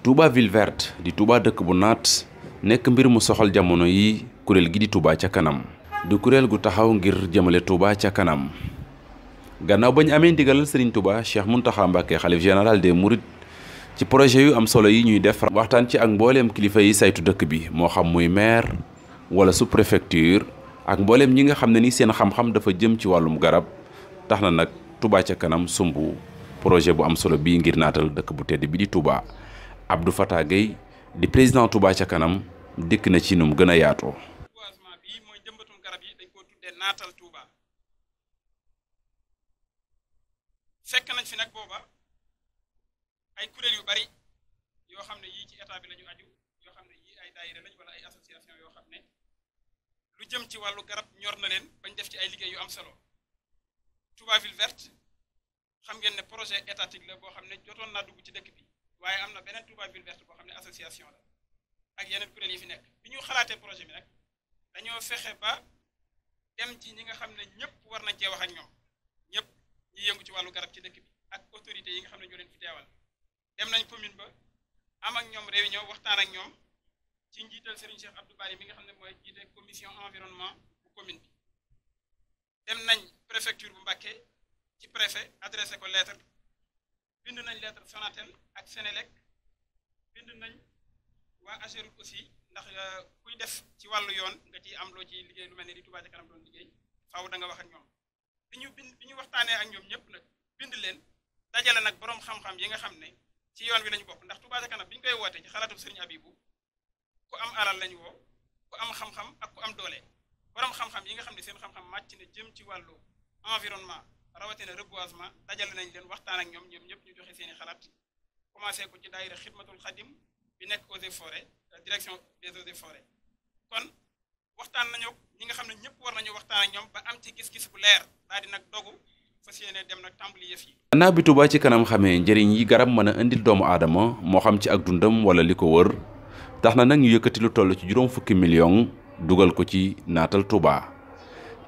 Touba ville verte di Touba dëkk bu naat nekk mbir mu soxal jamono yi kuréel gi di Touba ca kanam di kuréel gu taxaw ngir jëmale Touba ca kanam gannaaw bañ amee ndigalal Serigne Touba Cheikh Mountakha Mbacké xalif général des Mourides ci projet yu am solo yi ñuy def waxtaan ci ak mbooleem kilifa yi saytu dëkk bi xam muy maire wala sous préfecture ak mbooleem ñi nga xam ne ni seen xam-xam dafa jëm ci garab tax na Touba ca kanam sumbu projet bu am solo bii ngir natal dëkk bu tedd bi di Touba abdu Fatah Gueye di président Touba ca kanam dikk na ci nu mu gën a yaatoo. reboisement bi mooy jëmbatum garab yi dañ ko tuddee naatal Touba fekk nañ fi nag booba ay kuréel yu bari yoo xam ne yii ci état bi la aju yoo xam ne yii ay daayira lañ wala ay association yoo xam ne lu jëm ci wàllu garab ñor na leen bañ def ci ay liggéey yu am solo Touba ville verte xam ngeen ne projet étatique la boo xam ne jotoon naa dugg ci dëkk bi. waaye am na beneen Touba ville verte boo xam ne association la ak yeneen kuréel yi fi nekk bi ñu xalaatee projet bi nag dañoo fexe ba dem ci ñi nga xam ne ñëpp war nañ cee wax ak ñoom ñëpp ñi yëngu ci wàllu garab ci dëkk bi ak autorités yi nga xam ne ñoo leen fi deewal dem nañ commune ba am ak ñoom réunion waxtaan ak ñoom ci njiital Serigne Cheikh Abdou Bari mi nga xam ne mooy jiite commission environnement bu commune bi dem nañ préfecture bu Mbacké ci préfet adressé ko lettre bind nañ lettre Sonatel ak Senelec bind nañ waa Ageroute aussi ndax euh, kuy des ci wàllu yoon nga ciy am loo ci liggéey lu mel ne di Touba ca kanam doon liggéey faaw da wax ak ñoom bi ñu bind bi ñu ak ñoom ñëpp nag bind leen dajale nag borom xam-xam yi nga xam ne ci yoon wi lañ bokk ndax Touba ca kanam bi ñu koy woote ci xalaatu Serigne Abibou ku am alal lañ woo ku am xam-xam ak ku am doole borom xam-xam yi nga xam ne seen xam-xam màcc na jëm ci wàllu environnement rawatina reboisement dajale nañ leen waxtaan ak ñoom ñoom ñëpp ñu joxe seen i xalaat ko ci daayira xidmatul xadim bi nekk eaux et euh, direction des eaux et kon waxtaan nañu ñi nga xam ne ñëpp war nañu waxtaan ak ñoom ba am ci gis-gis bu leer daal di dogu fas yéene dem nag tàmbali yi. gannaaw bi Touba ci kanam xamee njëriñ yi garab mën a indi doomu aadama moo xam ci ak dundam wala li ko wër tax na nag ñu yëkkati lu toll ci juróom fukki million dugal ko ci naatal Touba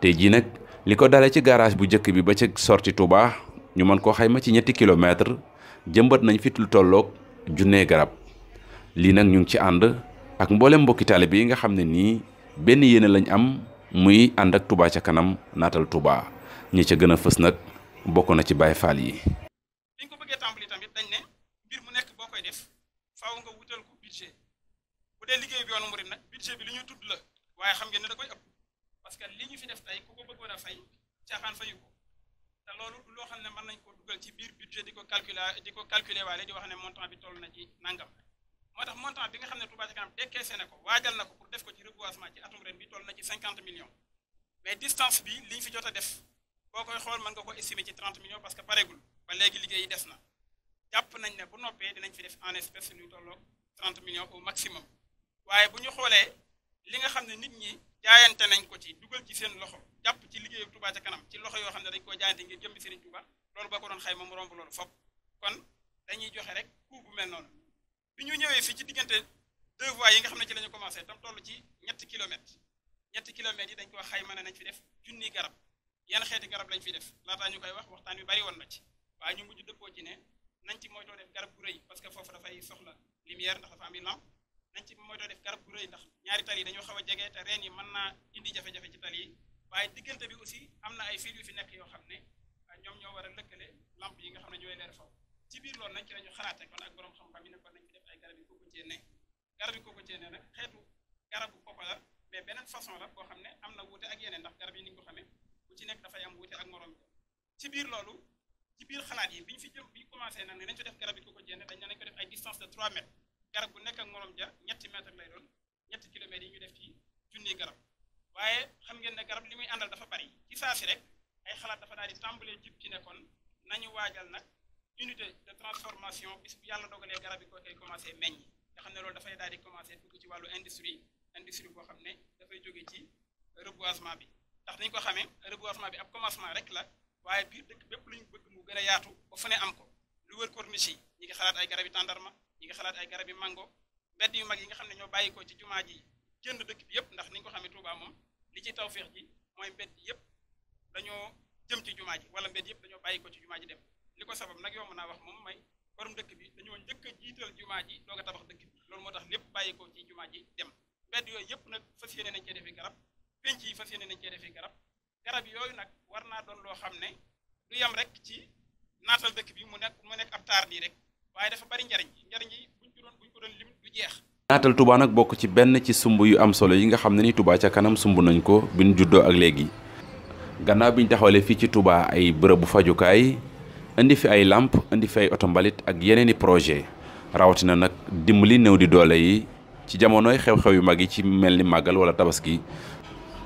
tey nag. li ko dalee ci garage bu njëkk bi ba ci sorti Touba ñu mën koo xayma ci ñetti kilomètre jëmbat nañ fit lu tolloog junnee garab lii nag ñu ngi ci ànd ak mboolem mbokki taalibe yi nga xam ne nii benn yéene lañ am muy ànd ak tubaa ca kanam naatal tubaa ñi ca gën a fës nag bokk na ci baay Fall yi. parce que li ñu fi def tey ku ko bëggoon a fay caaxaan fayu ko te loolu du loo xam ne mën nañ ko dugal ci biir budget di ko calculer di ko calculer waale di wax ne montant bi toll na ci nangam moo tax montant bi nga xam ne Touba Ca Kanam décaissé na ko waajal na ko pour def ko ci reboisement ci atum ren bi toll na ci 50 millions mais distance bi li ñu fi jot a def boo koy xool mën nga ko estimer ci 30 millions parce que pareegul ba léegi liggéey yi des na jàpp nañ ne bu noppee dinañ fi def en espèce luy tolloog 30 millions au maximum waaye bu ñu xoolee li nga xam ne nit ñi jaayante nañ ko ci dugal ci seen loxo jàpp ci liggéeyu Touba ca kanam ci loxo yoo xam ne dañ koo jaayante ngir jëmbi Serigne Touba loolu boo ko doon xayma mu romb loolu fop kon dañuy joxe rek coup bu mel noonu bi ñu ñëwee fii ci diggante deux voies yi nga xam ne ci lañu ñu commencé tam toll ci ñetti kilomètres ñetti kilomètres yi dañ ko xayma ne nañ fi def junni garab yan xeeti garab lañ fi def laataa ñu koy wax waxtaan wi bari woon na ci waaye ñu mujj dëppoo ci ne nañ ci moytoo def garab gu rëy parce que foofu dafay soxla lumière ndax dafa am lampe nañ ci mooy too def garab gu rëy ndax ñaari tali yi dañoo xaw a jege te reen yi mën naa indi jafe-jafe ci tali waaye diggante bi aussi am na ay fil yu fi nekk yoo xam ne ah, ñoom ñoo war a lëkkale lamp yi nga xam ne ñooy leer faw ci biir loolu nañ ci xalaate kon ak borom xam-xam yi ne kon nañ ci kooku ceene garabu koko la beneen façon la boo xam ne am na wuute ak yeneen ndax garab yi ni ko xamee bu ci nekk dafay am wuute ak morom ci biir loolu ci biir xalaat yi bi ñu fi jëm bi ñu commencé nag ne nañ ko def garab yi koko ceene dañ ne nañ ko def ay distance de 3 mètres garab bu nek ak morom ja ñetti mètre lay doon ñetti kilomètre yi ñu def ci junni garab waaye xam ngeen ne garab li muy àndal dafa bari ci rek ay xalaat dafa daal di tàmbalee jib ci nekkoon nañu waajal nag unité de transformation bis bu yàlla dogalee garab yi ko koy commencé meññ nga xam ne loolu dafay daal di commencé dugg ci wàllu industrie industrie boo xam ne dafay jóge ci reboisement bi ndax dañ ko xamee reboisement bi ab commencement rek la waaye biir dëkk bépp lu bëgg mu gën a yaatu ba fu ne am ko lu wër corniche yi ñi ngi xalaat ay garab yi tàndarma ñi ngi xalaat ay garab yi mango mbedd yu mag yi nga xam ne ñoo bàyyi ci jumaa ji jënd dëkk bi yëpp ndax ni nga ko xamee Touba moom li ci tawféex ji mooy mbedd yëpp dañoo jëm ci jumaa ji wala mbedd yëpp dañoo bàyyi ko jumaa ji dem li ko sabab nag yomb naa wax moom may borom dëkk bi dañoo njëkk a jiital jumaa ji doog a tabax dëkk bi loolu moo tax lépp bàyyi ko ci jumaa ji dem mbedd yooyu yëpp nag fas yéene nañ cee defee garab penc yi fas yéene nañ cee fi garab garab yooyu nag war naa doon loo xam ne lu yam rek ci naatal dëkk bi mu nekk mu nekk ab taar nii rek waaye dafa bari njariñ njariñ yi buñ ko doon buñ ko doon lim du jeex naatal nag bokk ci benn ci sumb yu am solo yi nga xam ne ni Touba ca kanam sumb nañ ko bi ñu juddoo ak léegi gannaaw biñ taxawale fii ci tuba ay bërëbu fajukaay indi fi ay lamp indi fi ay oto ak yeneeni projet rawatina nag dimbali néew di doole yi ci jamonoy xew-xew yu mag yi ci mel ni màggal wala tabaski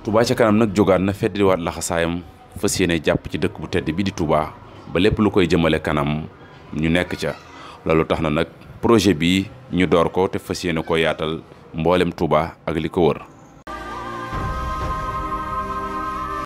Tuba ca kanam nag jógaat na feddiwaat laxasaayam fas yéene jàpp ci dëkk bu tedd bi di tuba ba lépp lu koy jëmale kanam ñu nekk ca loolu tax na nag projet bi ñu door ko te fas yéene ko yaatal mboolem Touba ak li ko wër